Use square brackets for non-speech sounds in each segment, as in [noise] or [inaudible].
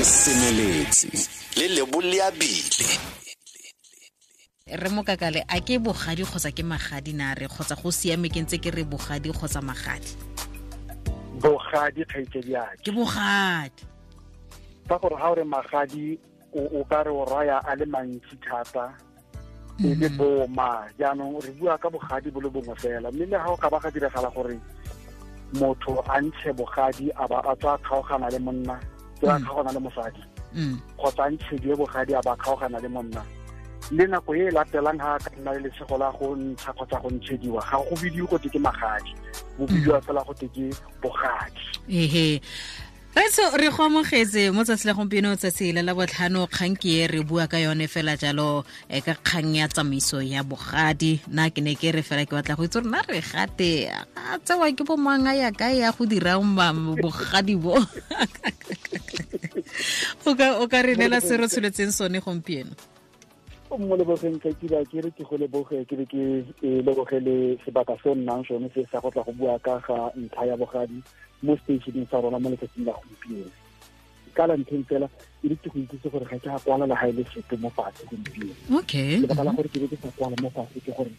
le semeletse le lebo re mokakale a ke bogadi kgotsa ke magadi na re kgotsa go siame ke ntse ke re bogadi kgotsa magadi bogadi kgaitsedi ake ke bogadi ka gore ga ore magadi o ka re o raya a le mantsi thata e le mhm. boma jaanong re bua ka bogadi bo le bongwe fela mme le ga o ka ba ga diragala gore motho a ntshe bogadi a ba a tswa kgaogana le monna ke ba kgaogana mm. le mosadi mm. kgotsa ntshedie bogadi a ba kgaogana le monna le nako e e latelang ga ka nna le lesego la go ntsha kgotsa go ntshediwa ga go bidiwe gote ke magadi bo bidiwa mm. fela gote ke bogadi ehe Retso re go amogetse mo tsatsi la gompieno tsatsi le la botlhano kgang ke re bua ka yone fela jalo e ka kgang ya tsamaiso ya bogadi na ke ne ke re fela ke batla go itse rona re gate a tsewa ke bo manga ya kae ya go dirang bogadi bo [laughs] o ka re neela se re tsholetseng sone gompieno o mo lebogeng ka kiba ke re ke go leboge ke be ke e lebogele sebaka se o nnang sone se sa go tla go bua ka ga ntlha ya bogadi mo stationeng sa rona mo letsatsing la gompieno ka la ntlheng fela e ke go itsise gore ga ke a kwala le ga e le sepe mo fatshe gompieno lebaka la gore ke be ke sa kwala mo fatshe ke gore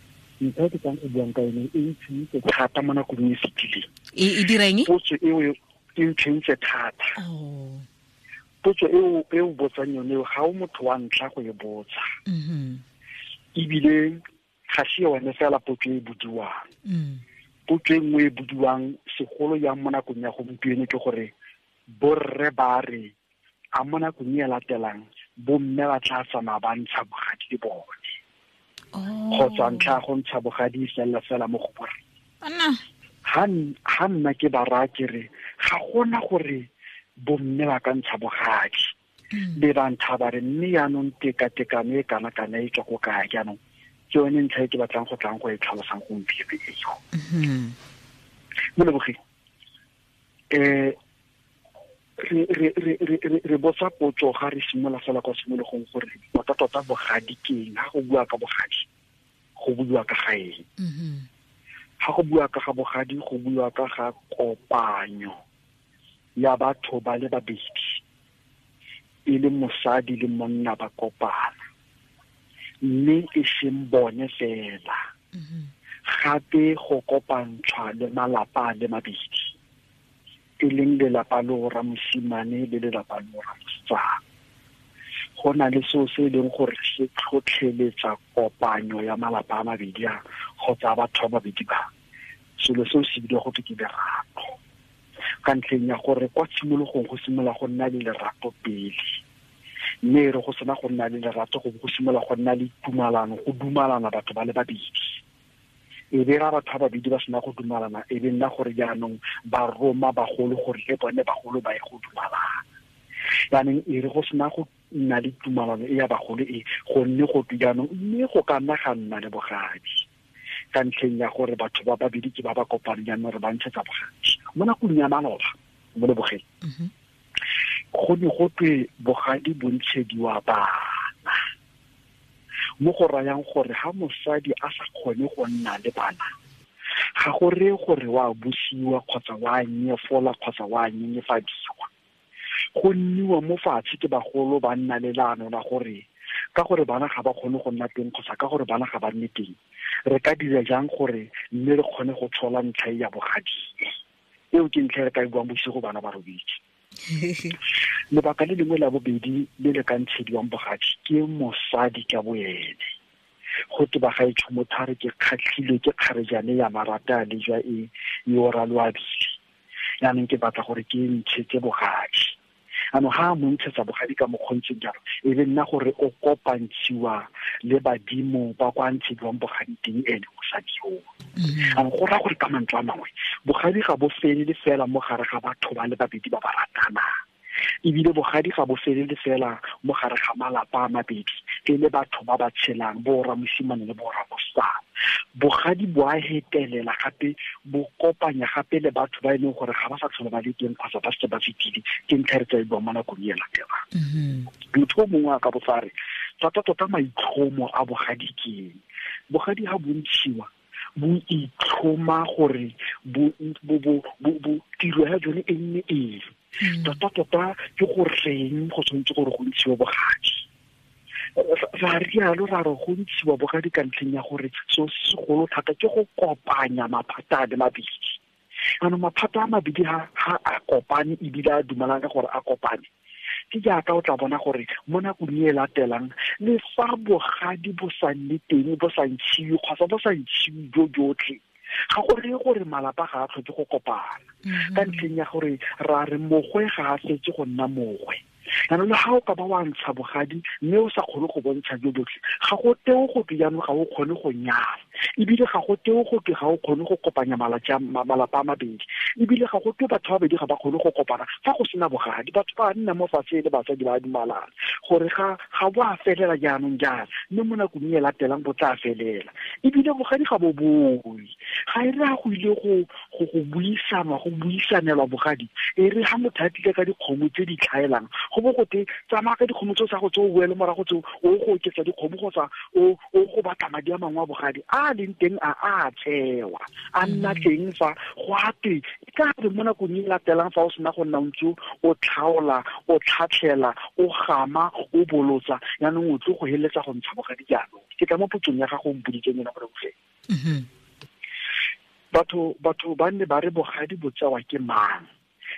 ntlha e ke tsang go buang ka ene e ntshintse thata mo nakong e, e fetileng e, e direng potso eo e ntshintse thata oh. potso eo e o botsang yone eo ga o motho wa ntlha go e botsa mm-hmm. ebile ga se yone fela potso e e bodiwang mm potso e nngwe e bodiwang segolo yang mo nakong ya gompieno ke gore borre ba re a mo nakong e latelang bomme ba tla tsamaya ba ntsha bogadi le bone oh. kgotsa ntlha ya go ntsha bogadi e fela fela mo go borre ha nna ke ba raya kere ga gona gore bomme ba ka ntsha bogadi le mm. bantsha ba re mme yaanong tekatekano e kana-kana e tswa go kaya jaanong ke yone ntlha e ke batlang go tlang go e tlhalosang gompieno eo molebogi um re botsa potso ga re simola fela kwa simologong gore tota-tota bogadi ke eng ga go bua ka bogadi go buiwa ka ga eng ga mm-hmm. go bua ka ga bogadi go buiwa ka ga kopanyo ya batho ba le babedi e le mosadi le monna ba kopana mme e seng bone fela mm-hmm. gape go kopantshwa le malapa le mabedi e leng lelapa le o ramosimane le lelapa le o ramosetsana go na le seo se e leng gore se tlhotlheletsa kopanyo ya malapa a mabedi a kgotsa batho ba babedi ba selo seo se bile gote ke lerato ka ntlheng ya gore kwa tshimologong go simolola go nna le lerato pele mme e re go sena go nna le lerato go go simolola go nna le tumalano go dumalana batho ba le babedi e be ra batho ba babedi ba sena go dumalana e be nna gore jaanong ba roma bagolo gore le bone bagolo ba ye go dumalana jaanong e re go sena go nna le tumalano e ya bagolo e gonne go jaanong mme go ka nna ga nna le bogadi ka ntlheng ya gore batho ba babedi ke ba ba kopane jaanong re ba ntshetsa bogadi mo nakong ya maloba mo lebogeng mhm go ne gotwe bogadi bontshediwa bana mo go rayang gore ga mosadi a sa kgone go nna le bana ga go reye gore wa busiwa kgotsa wa nyefola kgotsa wa nyenyefadiwa go nniwa mo fatshe ke bagolo ba nna le leano la gore ka gore bana ga ba kgone go nna teng kgotsa ka gore bana ga ba nne teng re ka dira jang gore mme re kgone go tshola ntlha e ya bogadie eo ke ntlha e re ka e buang bosigo bana ba robetse [laughs] lebaka le lengwe la bobedi le le ka ntshediwang bogadi ke mosadi ka boene go te bagaetsho motho ke kgatlhilwe ke kgarejane ya marata a lejwa e yo e ra loabile yaanong ke batla gore ke ntshetse bogadi ano ha a montshetsa bogadi ka mokgontseng jalo e be nna gore o kopantshiwa le badimo ba kwa ntshediwang bogadi teng ene mosadi yoo mm-hmm. ano go raya gore ka mantlo a mangwe bogadi ga bo fele le fela mo gare ga batho ba le babedi ba ba ratanang ebile bogadi ga bo fele le fela mo gare ga malapa a mabedi e le batho ba ba tshelang bo ramosimane le bo ramosana bogadi bo a hetelela gape bo kopanya gape le batho ba e leng gore ga ba sa tlhole ba le teng kgotsa ba setse ba fetile ke ntlha e re tsa e buang mo nakong e latelang mm-hmm. motho o mongwe a ka re tota-tota maitlhomo a bogadi keng bogadi ga bontshiwa bo itlhoma gore tiro ya jone e nne eng hmm. tota-tota ke goreng go tshwanetse gore go ntshiwa bogadi ra rialo ra re go ntshiwa bogadi ka ntlheng ya gore seo se segolo thata ke go kopanya maphata a le mabedi anong maphata a mabedi ha a kopane ebile a dumelana gore a kopane ke jaaka o tla bona gore mo nakong e latelang le fa bogadi bo sanne teng bo sa ntshiwe kgotsa bo sa ntshiwe jo jotlhe ga go reye gore malapa ga a tlhoke go kopana mhm. ka ntlheng ya gore ra re mogwe ga a setse go nna mogwe yanong le ga o ka ba wa ntsha bogadi mme o sa kgone go bontsha jo jotlhe ga go teo gote jaanong ga o kgone go nyala ebile ga go teo go ke ga o kgone go kopanya malatsi malapa a mabedi ebile ga go teo batho ba babedi ga ba kgone go kopana fa go sena bogadi batho ba nna mo fatshe le basadi ba dumalana gore ga ga bo a felela jaanong jaana mme mo nakong e latelang bo tla felela ebile bogadi ga bo boi ga e raya go ile go go go buisanwa go buisanelwa bogadi e re ha motho a tlile ka dikgomo tse di tlhaelang go bo gote tsamaya ka dikgomo tse o sa go tse o boele morago tse o go oketsa dikgomo kgotsa o go batla madi a mangwe a bogadi a leng teng a a tsewa a nna mm. teng fa go ate e ka re mo nakong e latelang fa o sena go nna o ntse o tlhaola o tlhatlhela o gama o bolotsa yaanong o tlo go heletsa go ntsha bogadi jaanong ke tla mo potsong ya gago o gore bofeng batho batho ba nne ba re bogadi botsewa ke mang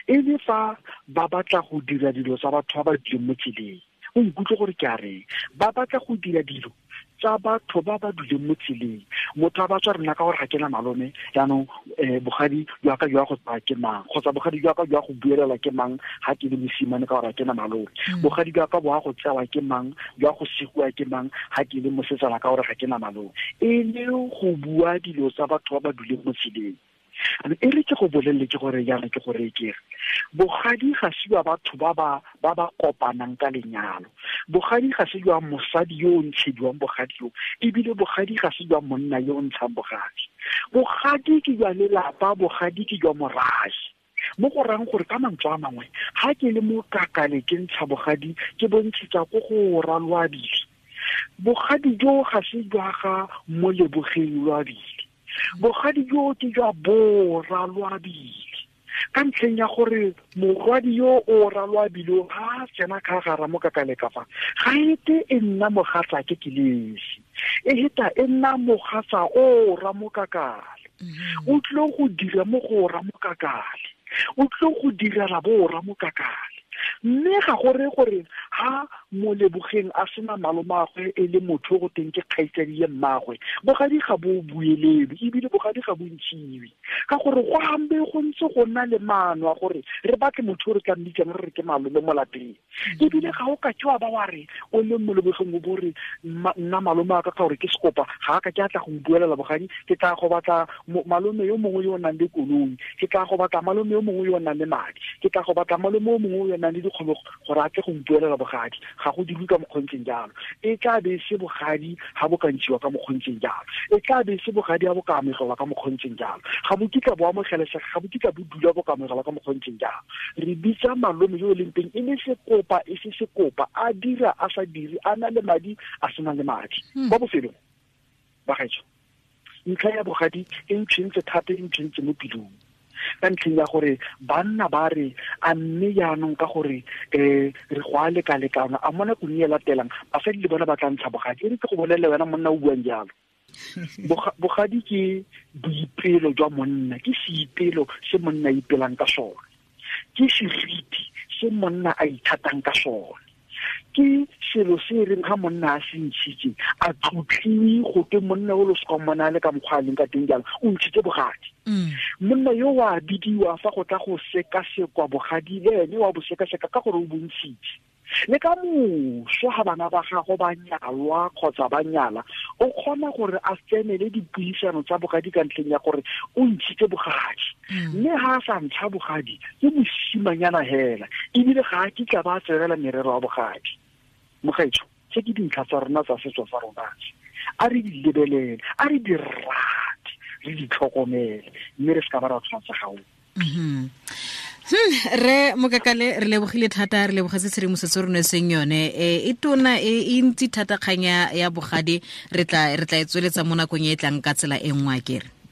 e le fa ba batla go dira dilo tsa batho ba ba dileng mo tseleng o nkutlwe gore ke a reng ba batla go dira dilo tsa batho ba ba duleng mo tseleng motho a ba tswa rena ka gore ga kena malome jaanong um bogadi jwa ka jwa go tsaya ke mang kgotsa bogadi jwa ka jwa go buelela ke mang ga ke le mosimane ka gore ga kena malome hmm. bogadi jwa ka boa go tsewa ke mang jwa go segiwa ke mang ga ke le mosetsana ka gore ga kena malome e le go bua dilo tsa batho ba ba duleng mo tseleng e re ke go bolelele ke gore yana ke gore ke re bogadi ga se jwa batho ba ba ba ba kopanang ka lenyalo bogadi ga se jwa mosadi yo o ntshediwang bogadi yo ebile bogadi ga se jwa monna yo o ntshang bogadi bogadi ke jwa lelapa bogadi ke jwa moragi mo go rang gore ka mantswe a mangwe ga ke le mo kakale ke ntsha bogadi ke bontshetsa ko go ralwa bile bogadi jo ga se jwa ga mo lwa bile bogadi jo ke jwa bora loabile ka ntlheng ya gore morwadi yo o ralwabile ga a tsena ka gara mo kakale ka fa ga ete e nna mogatsa ke kelesi e heta e nna mogatsa o ra mo kakale mm-hmm. o tlile go dira mo go ra mo kakale o tlile go direla bo ra mo kakale mme ga gore gore ha molebogeng a sena malomagwe e le motho go teng ke kgaitsadi ye mmagwe bogadi ga bo buelelwe ebile bogadi ga bo ntshiwe ka gore go ambe go ntse go nna le maano a gore re batle motho o re ka mmitsang re re ke malome mo lapeng ebile ga o ka ke wa ba wa re o le molebogeng o re nna malome a ka ka gore ke sekopa ga a ka ke a tla go buelela bogadi ke tla go batla malome yo mongwe yo o nang le koloi ke tla go batla malome yo mongwe yo o nang le madi ke tla go batla malome yo mongwe yo o nang le kgone gore a go mpuelela bogadi ga go dirwe ka mokgontseng jalo e tla be e se bogadi ga bo ka ka mokgontseng jalo e tla be e se bogadi ga bo ka amogelwa ka mokgontseng jalo ga bo kitla bo amogelesega ga bo kitla bo dula bo ka amogelwa ka mokgontseng jalo re bitsa malome yo o leng teng e le sekopa e se sekopa e a dira a sa diri a na le madi a sena le madi hmm. kwa bofelong bagaetso ntlha ya bogadi e ntshwentse thata e ntshwentse mo pilong ka ntlheng ya gore banna ba re a mme jaanong ka gore um re go a lekalekana a mo nakong e latelang basadi le bona ba tla ntlha bogadi e re ke go bolelele wena monna o buang jalo bogadi ke boipelo jwa monna ke seipelo se monna a ipelang ka sone ke seriti se monna a ithatang ka sone ke selo se e reng ga monna a se ntšhitse a tlotliwe go ke monna o loseka mona le ka mokgwa a leng ka teng jalo o ntšhitse bogadi mm. monna yo o a bidiwa fa go tla go sekasekwa bogadi le ene wa bo sekaseka ka gore o bontshitse le ka moso ga bana ba gago ba nyalwa kgotsa ba nyala o kgona gore a tsenele dipuisano tsa bogadi ka ntlheng ya gore o ntshitse bogadi mm. mme ga a sa ntsha bogadi ke mosimanyana fela ebile ga a kitla ba a merero wa bogadi mogaetsho tse ke dintlha tsa rona tsa setso sa rona a re di lebelele a re di re di tlhokomele mme re se ka ba ra gaon gaong mm-hmm. hmm, re mokakale re lebogile thata re lebogetse tshedimosetso reno e seng yone eh, e tona e, e ntsi thata kgang ya bogadi re tla e tsweletsa mo nakong e e tlang ka tsela e nngwe a kere